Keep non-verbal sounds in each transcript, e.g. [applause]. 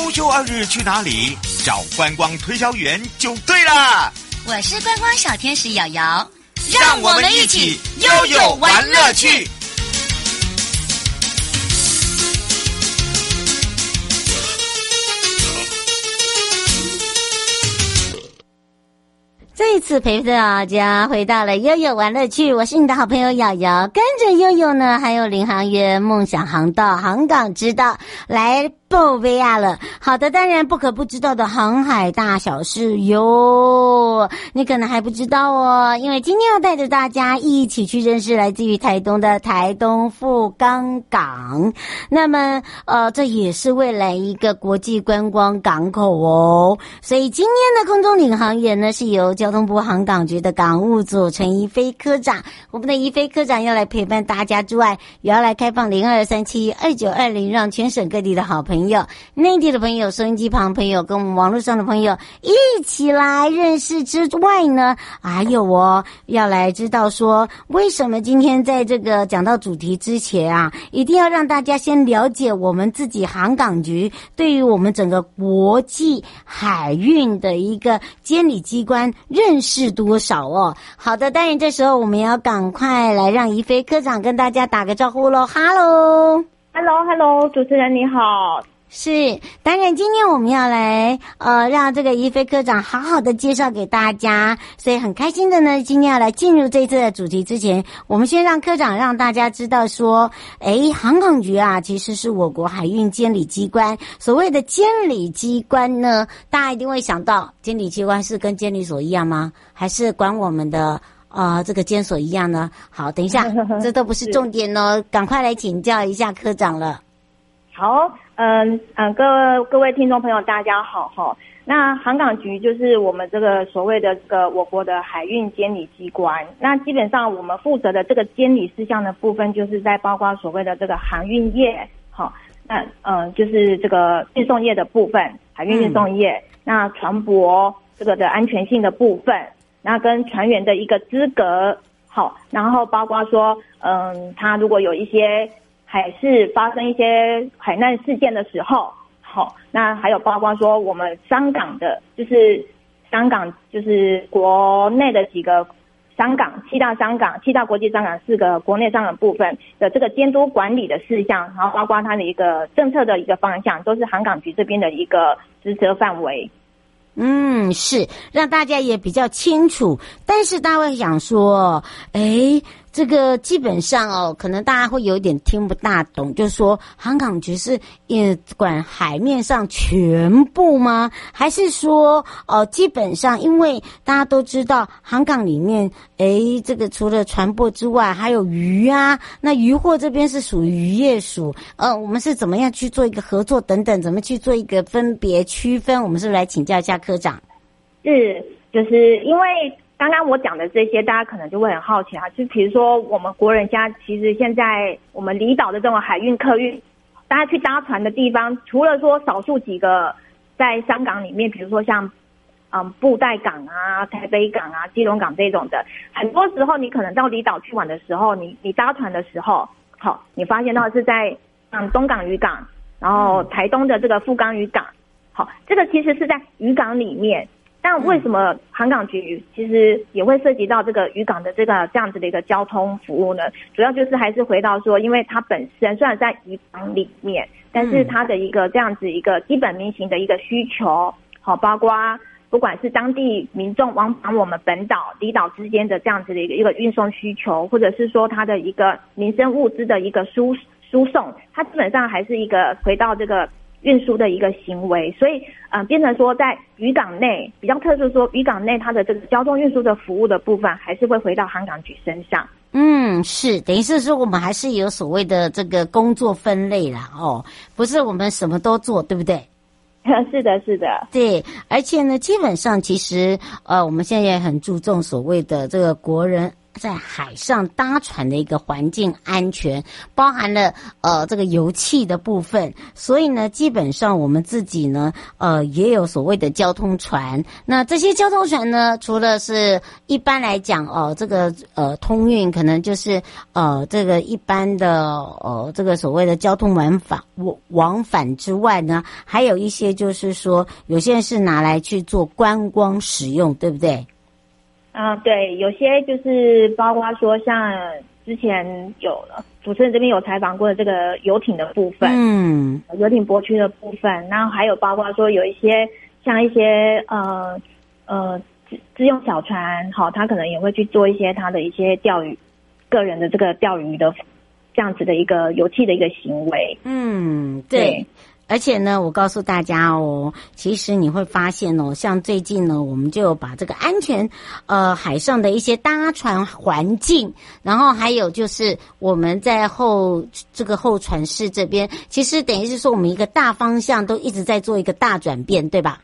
週休二日去哪裡？找觀光推銷員就對了。我是觀光小天使瑤瑤，讓我們一起悠悠玩樂趣。一悠悠趣這一次陪着大家回到了悠悠玩樂趣，我是你的好朋友瑤瑤。跟着悠悠呢，還有領航員、夢想航道、航港知道來。不，維亞了，好的，當然不可不知道的航海大小事喲。你可能還不知道哦，因為今天要帶着大家一起去認識來自於台東的台東富岡港。那麼，呃，這也是未來一個國際觀光港口哦。所以，今天的空中領航員呢，是由交通部航港局的港務組陳怡妃科長，我們的怡妃科長要來陪伴大家之外，也要來開放零二三七二九二零，讓全省各地的好朋友。朋友，內地的朋友，收音機旁的朋友，跟我們網絡上的朋友一起來認識之外呢，還有哦，要來知道說，為什麼今天在這個講到主題之前啊，一定要讓大家先了解我們自己航港局對於我們整個國際海運的一個監理機關認識多少哦。好的，當然這時候我們要趕快來讓怡妃科長跟大家打個招呼嘍，哈嘍。Hello，Hello，hello，主持人你好。是，當然今天我們要來，呃，讓這個怡妃科長好好的介紹給大家，所以很開心的呢。今天要來進入這次的主題之前，我們先讓科長讓大家知道說，誒，航港局啊，其實是我國海運監理機關。所謂的監理機關呢，大家一定會想到，監理機關是跟監理所一樣嗎？還是管我們的？啊，這個監所一樣呢？好，等一下，這都不是重點哦。 [laughs] 是趕快來請教一下科長了。好，嗯、呃，嗯、呃，各位各位聽眾朋友，大家好哈、哦。那航港局就是我們這個所謂的這個我國的海運監理機關。那基本上我們負責的這個監理事項的部分，就是在包括所謂的這個航運業，好、哦，那嗯、呃，就是這個運送業的部分，海運運送業，嗯、那船舶這個的安全性的部分。那跟船員的一個資格好，然後包括說，嗯，他如果有一些海事發生一些海難事件的時候，好，那還有包括說我們商港的，就是商港，就是國內的幾個商港，七大商港，七大國際商港，四個國內商港部分的這個監督管理的事項，然後包括它的一個政策的一個方向，都是航港局這邊的一個職責範圍。嗯，是讓大家也比較清楚，但是大家想說，哎。這個基本上哦，可能大家會有點聽不大懂，就是說，航港局是也管海面上全部嗎？還是說，哦、呃，基本上，因為大家都知道航港裡面，誒這個除了船舶之外，還有魚啊，那漁獲這邊是屬於漁業署，呃，我們是怎麼樣去做一個合作？等等，怎麼去做一個分別區分？我們是不是來請教一下科長。是，就是因為。剛剛我講的這些，大家可能就會很好奇啊，就比如說我們國人家，其實現在我們離島的這種海運客運，大家去搭船的地方，除了說少數幾個在商港裡面，比如說像嗯布袋港啊、台北港啊、基隆港這種的，很多時候你可能到離島去玩的時候，你你搭船的時候，好，你發現到的是在嗯東港漁港，然後台東的這個富岡漁港，好，這個其實是在漁港裡面。但為什麼航港局其實也會涉及到這個漁港的這個這樣子的一個交通服務呢？主要就是還是回到說，因為它本身雖然在漁港裡面，但是它的一個這樣子一個基本民情的一個需求，好，包括不管是當地民眾往返我們本島、離島之間的這樣子的一個一個運送需求，或者是說它的一個民生物資的一個輸輸送，它基本上還是一個回到這個。運輸的一個行為，所以嗯、呃，變成說在漁港內比較特殊說說漁港內它的這個交通運輸的服務的部分，還是會回到航港局身上。嗯，是，等於是說我們還是有所謂的這個工作分類啦。哦，不是我們什麼都做，對不對？是的，是的，對，而且呢，基本上其實呃，我們現在也很注重所謂的這個國人。在海上搭船的一個環境安全，包含了呃這個油氣的部分，所以呢，基本上我們自己呢，呃也有所謂的交通船。那這些交通船呢，除了是一般來講哦、呃，這個呃通運可能就是呃這個一般的呃這個所謂的交通往返往往返之外呢，還有一些就是說，有些人是拿來去做觀光使用，對不對？啊、呃，對，有些就是包括說，像之前有主持人這邊有採訪過的這個遊艇的部分，嗯，遊艇泊區的部分，然後還有包括說有一些像一些呃呃自用小船，好、哦，他可能也會去做一些他的一些釣魚，個人的這個釣魚的這樣子的一個遊憩的一個行為，嗯，對。對而且呢，我告訴大家哦，其實你會發現哦，像最近呢，我們就有把這個安全，呃，海上的一些搭船環境，然後還有就是我們在後這個候船室這邊，其實等於是說我們一個大方向都一直在做一個大轉變，對吧？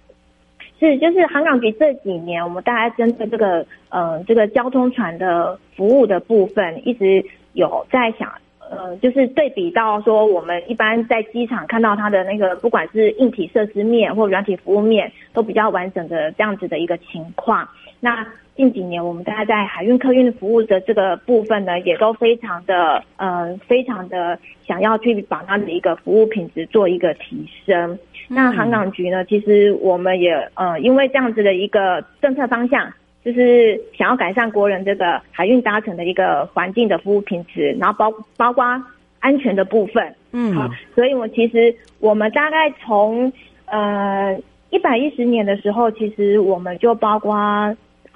是，就是航港局這幾年，我們大家針對這個呃這個交通船的服務的部分，一直有在想。呃，就是對比到說，我們一般在機場看到它的那個，不管是硬體設施面或軟體服務面，都比較完整的這樣子的一個情況。那近幾年，我們大家在海運客運服務的這個部分呢，也都非常的呃，非常的想要去把它們的一個服務品質做一個提升。那航港局呢，其實我們也呃，因為這樣子的一個政策方向。就是想要改善國人這個海運搭乘的一個環境的服務品質，然後包包括安全的部分。嗯，好、啊，所以我其實我們大概從呃一百一十年的時候，其實我們就包括啊、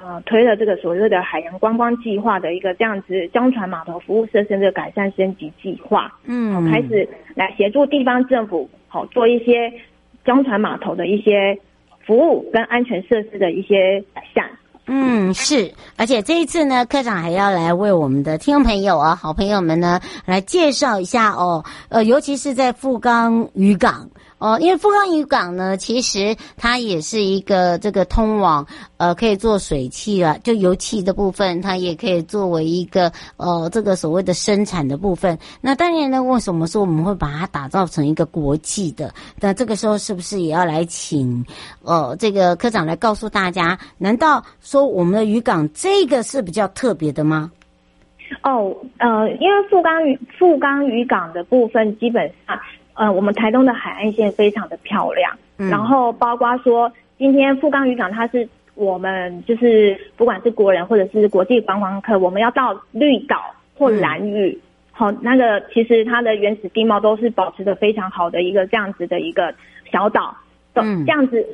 呃、推了這個所謂的海洋觀光計劃的一個這樣子江船碼頭服務設施的改善升級計劃。嗯，開始來協助地方政府好、哦、做一些江船碼頭的一些服務跟安全設施的一些改善。嗯，是，而且這一次呢，科長還要來為我們的聽眾朋友啊，好朋友們呢，來介紹一下哦，呃，尤其是在富岡漁港。哦，因為富岡漁港呢，其實它也是一個這個通往呃，可以做水汽了、啊，就油汽的部分，它也可以作為一個呃，這個所謂的生產的部分。那當然呢，為什麼說我們會把它打造成一個國際的？那這個時候是不是也要來請呃，這個科長來告訴大家？難道說我們的漁港這個是比較特別的嗎？哦，呃，因為富岡漁富岡漁港的部分基本上。嗯、呃，我們台東的海岸線非常的漂亮，嗯、然後包括說今天富岡漁港，它是我們就是不管是國人或者是國際觀光客，我們要到綠島或蘭嶼，嗯、好，那個其實它的原始地貌都是保持着非常好的一個這樣子的一個小島，嗯，這樣子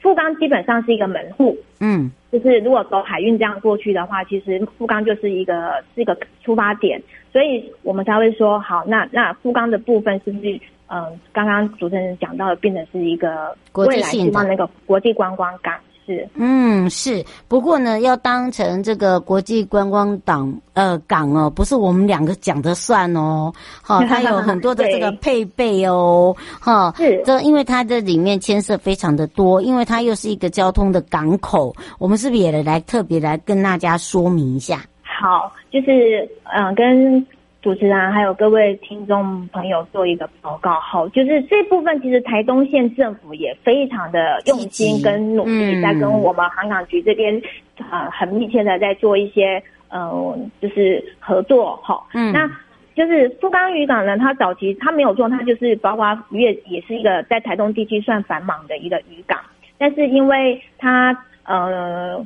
富岡基本上是一個門戶，嗯，就是如果走海運這樣過去的話，其實富岡就是一個是一個出發點，所以我們才會說，好，那那富岡的部分是不是？嗯，剛剛主持人講到的，變成是一個國際性的那個國際觀光港，是嗯是。不過呢，要當成這個國際觀光港呃港哦，不是我們兩個講的算哦，哈，它有很多的這個配備哦， [laughs] 對哈，這是因為它這裡面牽涉非常的多，因為它又是一個交通的港口，我們是不是也來特別來跟大家說明一下？好，就是嗯跟。主持人還有各位聽眾朋友，做一個報告好，就是這部分其實台東縣政府也非常的用心跟努力，在跟我們航港局這邊啊、嗯呃、很密切的在做一些呃就是合作哈。哦、嗯，那就是富岡漁港呢，它早期它沒有做，它就是包括漁業也也是一個在台東地區算繁忙的一個漁港，但是因為它呃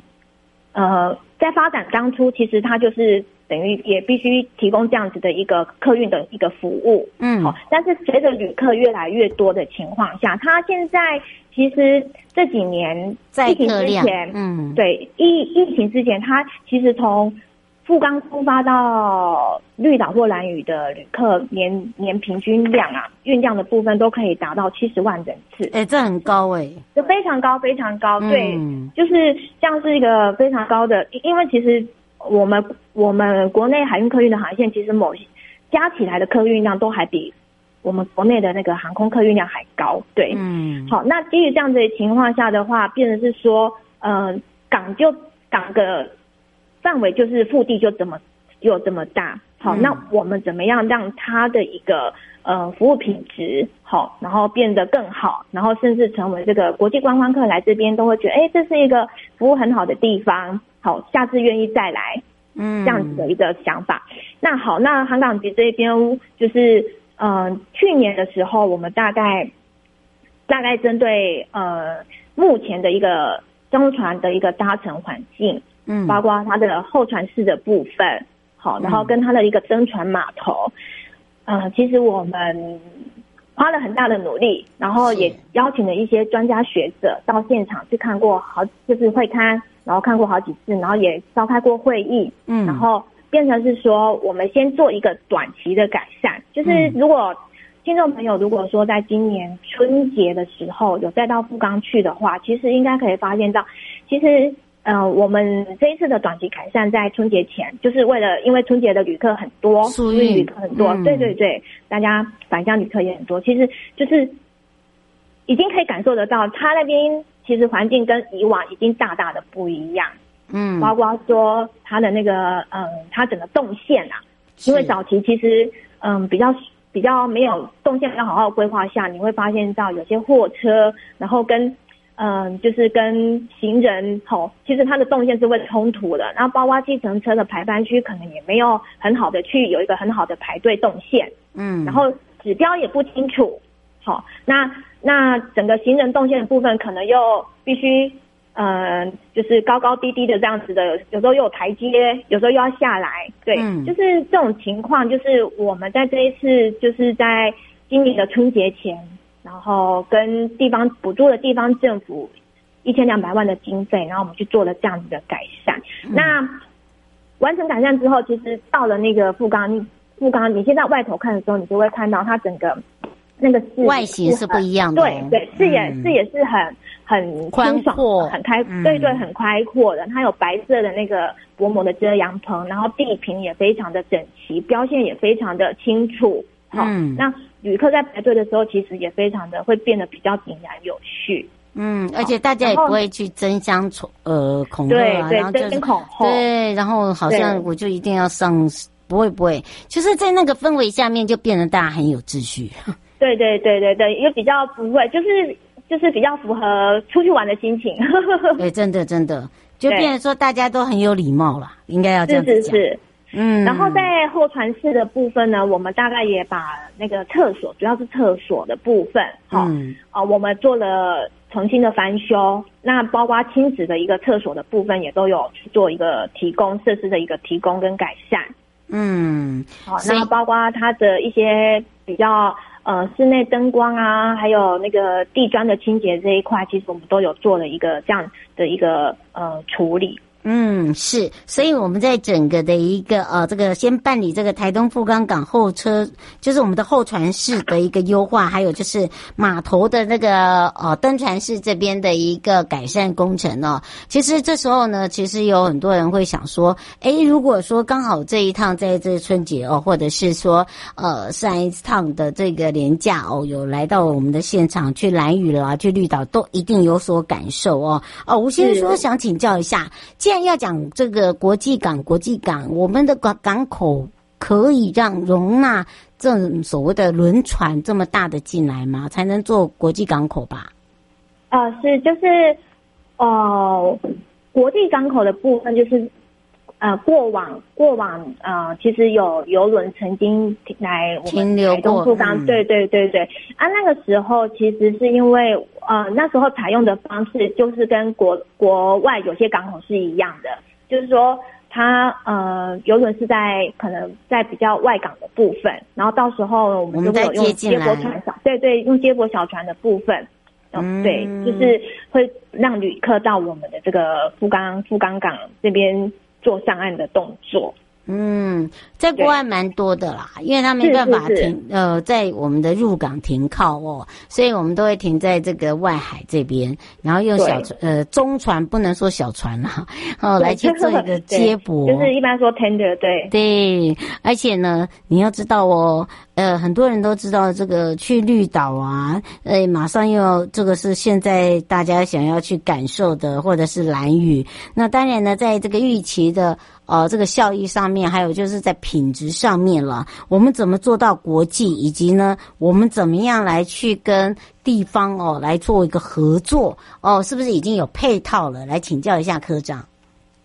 呃。呃發展當初其實它就是等於也必須提供這樣子的一個客運的一個服務，嗯，好。但是隨着旅客越來越多的情況下，它現在其實這幾年在疫情之前，嗯，對疫疫情之前，它其實從。富岡出發到綠島或蘭嶼的旅客年年平均量啊，運量的部分都可以達到七十萬人次。哎、欸，這很高哎、欸，就非常高，非常高。對，嗯、就是像是一個非常高的，因為其實我們我們國內海運客運的航線，其實某些加起來的客運量都還比我們國內的那個航空客運量還高。對，嗯。好，那基於這樣子的情況下的話，變成是說，嗯、呃，港就港個。範圍就是腹地就怎麼就有這麼大，好，那我們怎麼樣讓它的一個呃服務品質好，然後變得更好，然後甚至成為這個國際觀光客來這邊都會覺得哎，這是一個服務很好的地方，好，下次願意再來，嗯，這樣子的一個想法。嗯、那好，那航港局這邊就是嗯、呃，去年的時候，我們大概大概針對呃目前的一個中船的一個搭乘環境。嗯，包括它的候船室的部分，嗯、好，然後跟它的一個登船碼頭，嗯、呃，其實我們花了很大的努力，然後也邀請了一些專家學者到現場去看過好，就是會勘，然後看過好幾次，然後也召開過會議，嗯，然後變成是說，我們先做一個短期的改善，就是如果聽眾朋友如果說在今年春節的時候有再到富岡去的話，其實應該可以發現到，其實。呃，我們這一次的短期改善在春節前，就是為了因為春節的旅客很多，所以因為旅客很多，嗯、對對對，大家返鄉旅客也很多，其實就是已經可以感受得到，他那邊其實環境跟以往已經大大的不一樣，嗯，包括說他的那個嗯，他整個動線啊，因為早期其實嗯比較比較沒有動線沒有好好規劃下，你會發現到有些貨車然後跟。嗯，就是跟行人吼、哦，其實它的動線是會衝突的，那包括計程車的排班區可能也沒有很好的去有一個很好的排隊動線，嗯，然後指標也不清楚，好、哦，那那整個行人動線的部分可能又必須，嗯、呃，就是高高低低的這樣子的，有時候又有台階，有時候又要下來，對，嗯、就是這種情況，就是我們在這一次就是在今年的春節前。然後跟地方補助的地方政府一千兩百萬的經費，然後我們去做了這樣子的改善。嗯、那完成改善之後，其實到了那個富岡富岡，你現在外頭看的時候，你就會看到它整個那個是外形是不一樣的。對對，視野視野是很很寬闊很開對對很開闊的。嗯、它有白色的那個薄膜的遮陽棚，然後地坪也非常的整齊，標線也非常的清楚。嗯、好，那。旅客在排隊的時候，其實也非常的會變得比較井然有序。嗯，而且大家也不會去爭相然後呃，恐嚇、啊，對，對對，爭、就是、先恐後，對，然後好像我就一定要上，對不會不會，就是在那個氛圍下面就變得大家很有秩序。對對對對對，也比較不會，就是就是比較符合出去玩的心情。 [laughs] 對，真的真的，就變得說大家都很有禮貌了，對應該要這樣子講。是是是嗯，然後在候船室的部分呢，我們大概也把那個廁所，主要是廁所的部分，哈、哦、啊、嗯呃，我們做了重新的翻修。那包括親子的一個廁所的部分，也都有去做一個提供設施的一個提供跟改善。嗯、好、哦，那包括它的一些比較呃室內燈光啊，還有那個地磚的清潔這一塊，其實我們都有做了一個這樣的一個呃處理。嗯，是，所以我們在整個的一個呃，這個先辦理這個台東富岡港候車，就是我們的候船室的一個優化，還有就是碼頭的那個呃登船室這邊的一個改善工程哦。其實這時候呢，其實有很多人會想說，誒，如果說剛好這一趟在這春節哦，或者是說呃上一趟的這個年假哦，有來到我們的現場去蘭嶼啦，去綠島都一定有所感受哦。啊、哦，吳先生說、哦、想請教一下。既然要講這個國際港，國際港，我們的港港口可以讓容納這種所謂的輪船這麼大的進來嗎？才能做國際港口吧？啊、呃，是就是哦、呃，國際港口的部分就是。呃，過往過往，呃，其實有遊輪曾經來我們台東富岡停留過，嗯、對對對對。啊，那個時候其實是因為，呃，那時候採用的方式就是跟國國外有些港口是一樣的，就是說它，它呃，遊輪是在可能在比較外港的部分，然後到時候我們就會有用接駁小船小接對對，用接駁小船的部分，嗯、哦，對，就是會讓旅客到我們的這個富岡富岡港這邊做上岸的動作。嗯，在國外蠻多的啦，對因為它沒辦法停是是是呃，在我們的入港停靠哦、喔，所以我們都會停在這個外海這邊，然後用小船對呃中船不能說小船啦、啊，哦、喔、對來去做一個接駁，就是一般說 tender 對對，而且呢，你要知道哦、喔，呃，很多人都知道這個去綠島啊，呃、欸，馬上又要這個是現在大家想要去感受的或者是蘭嶼。那當然呢，在這個預期的。哦，這個效益上面，還有就是在品質上面了。我們怎麼做到國際，以及呢，我們怎麼樣來去跟地方哦，來做一個合作？哦，是不是已經有配套了？來請教一下科長。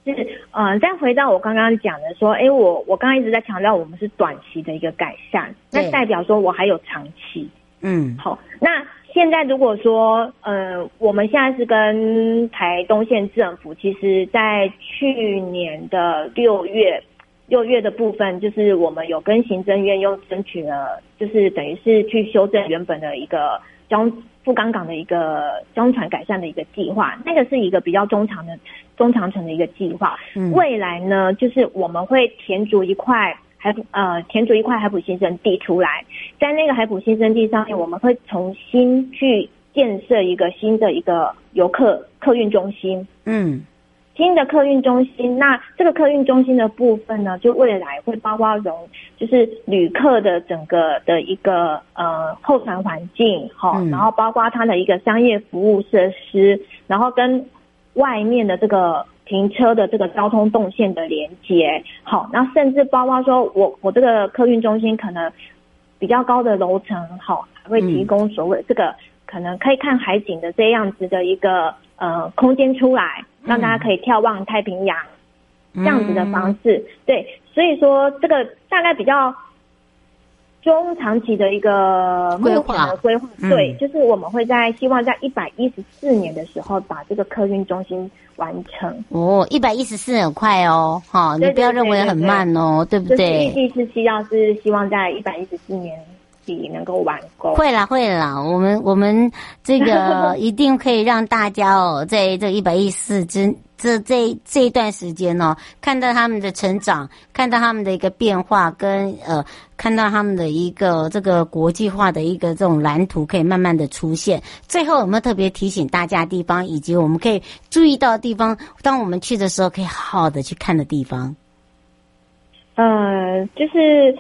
是，嗯、呃，再回到我剛剛講的說，哎、欸，我我剛剛一直在強調，我們是短期的一個改善，對那代表說我還有長期。嗯，好，那。現在如果說，嗯、呃，我們現在是跟台東縣政府，其實在去年的六月，六月的部分，就是我們有跟行政院又爭取了，就是等於是去修正原本的一個中，富岡港的一個中船改善的一個計劃，那個是一個比較中長的中長程的一個計劃。嗯、未來呢，就是我們會填築一塊海，呃，填築一塊海埔新生地出來。在那個海埔新生地上面，我們會重新去建設一個新的一個遊客客運中心。嗯，新的客運中心，那這個客運中心的部分呢，就未來會包括容，就是旅客的整個的一個呃候船環境，好、哦，嗯、然後包括它的一個商業服務設施，然後跟外面的這個停車的這個交通動線的連接，好、哦，那甚至包括說我我這個客運中心可能。比較高的樓層哈，會提供所謂，嗯，這個可能可以看海景的這樣子的一個呃空間出來，讓大家可以眺望太平洋，嗯，這樣子的方式。對，所以說這個大概比較。中長期的一個規劃，規劃對，嗯、就是我們會在希望在一百一十四年的時候把這個客運中心完成。哦，一百一十四很快哦，哈，對對對對對你不要認為很慢哦，對,對,對,對,對不對？第四期，要是希望在一百一十四年底能夠完工。會啦會啦，我們我們這個一定可以讓大家哦，在這一百一十四之。 [laughs] 這這這一段時間呢、哦，看到他們的成長，看到他們的一個變化，跟呃，看到他們的一個這個國際化的一個這種藍圖，可以慢慢的出現。最後，有沒有特別提醒大家地方，以及我們可以注意到的地方？當我們去的時候，可以好好的去看的地方。呃，就是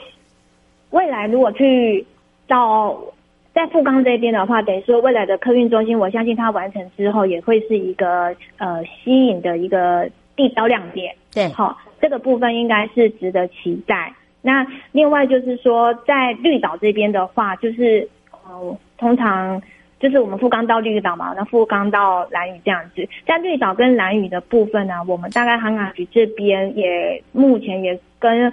未來如果去到。在富岡這邊的話，等於說未來的客運中心，我相信它完成之後也會是一個呃吸引的一個地標亮點。對，好、哦，這個部分應該是值得期待。那另外就是說，在綠島這邊的話，就是哦、呃，通常就是我們富岡到綠島嘛，那富岡到蘭嶼這樣子。但綠島跟蘭嶼的部分呢、啊，我們大概航港局這邊也目前也跟。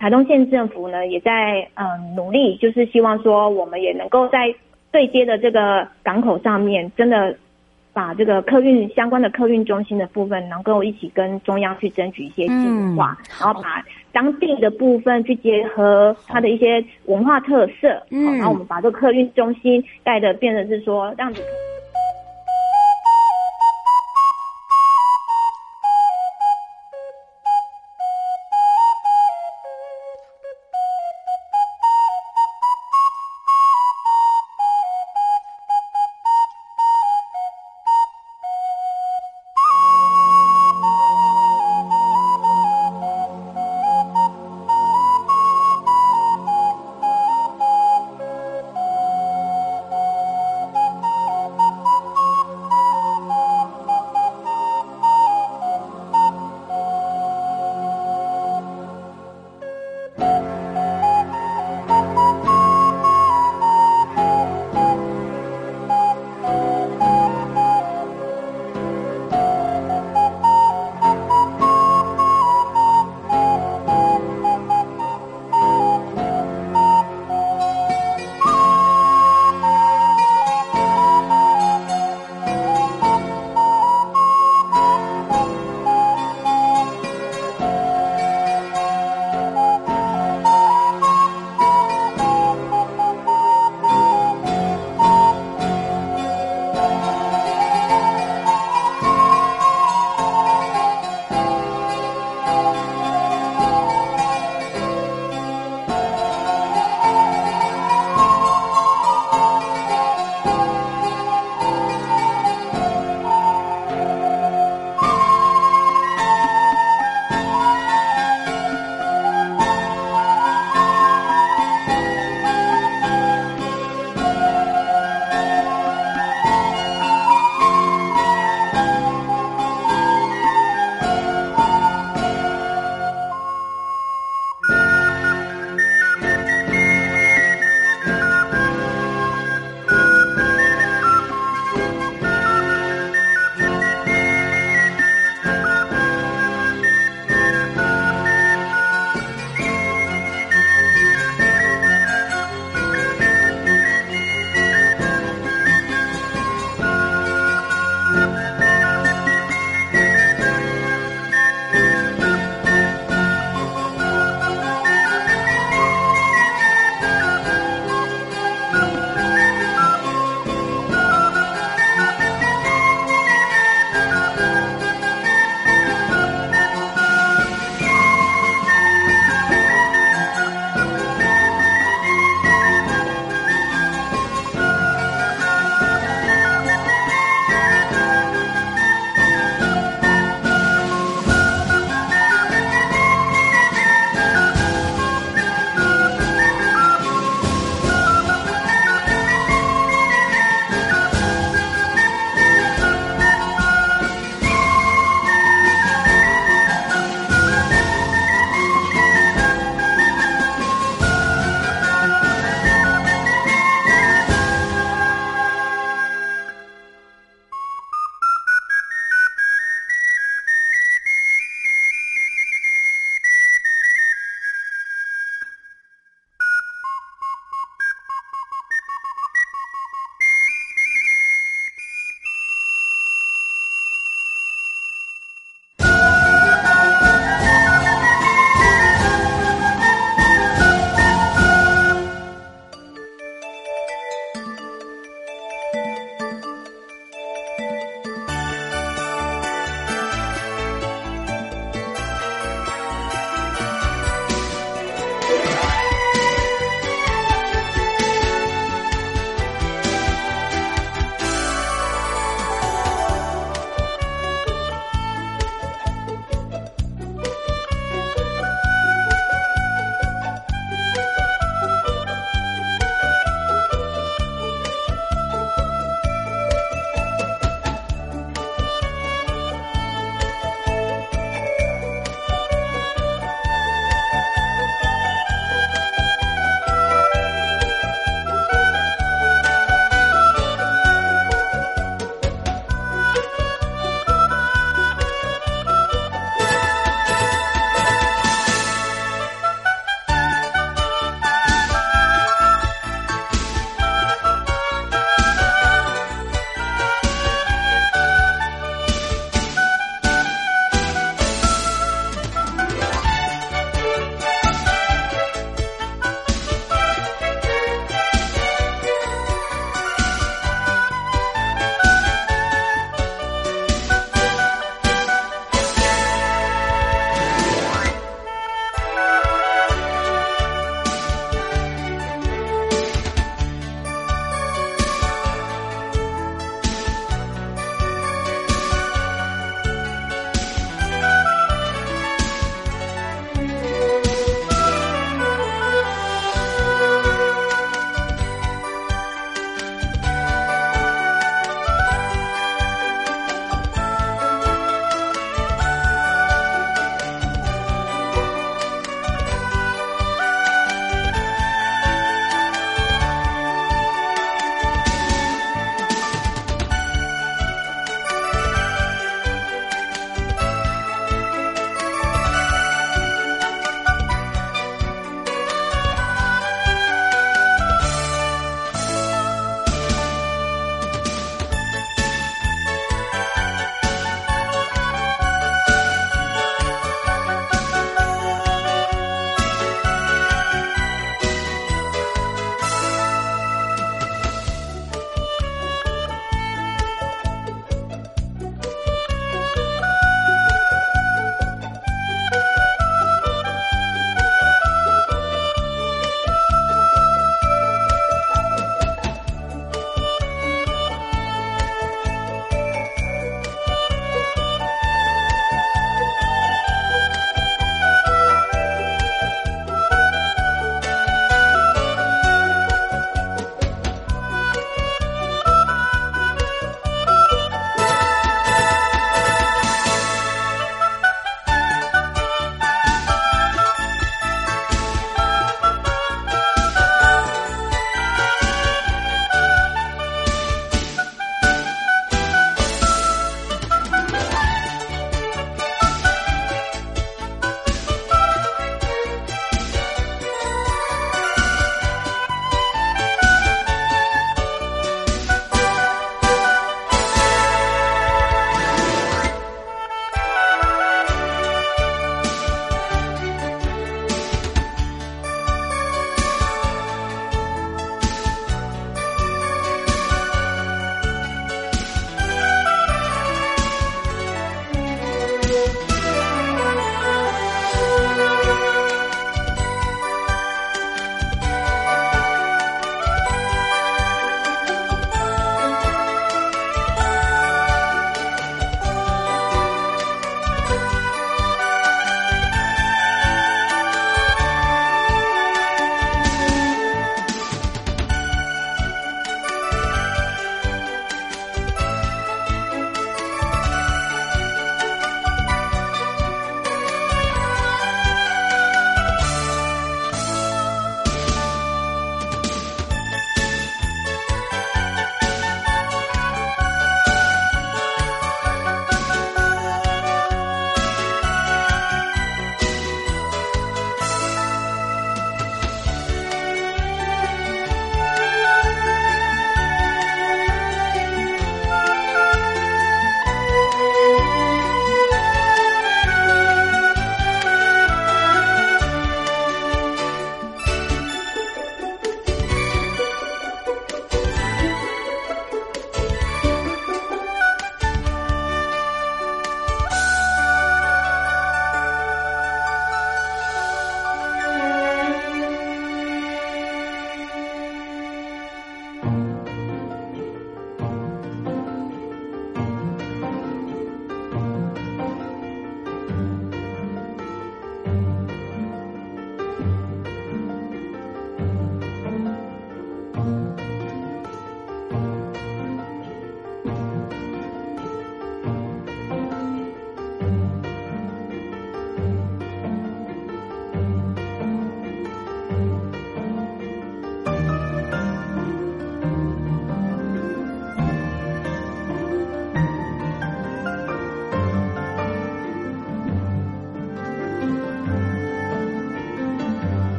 臺東縣政府呢，也在嗯、呃、努力，就是希望說，我們也能夠在對接的這個港口上面，真的把這個客運相關的客運中心的部分，能夠一起跟中央去爭取一些計劃，嗯、然後把當地的部分去結合它的一些文化特色，嗯，然後我們把這個客運中心帶的，變得是說讓旅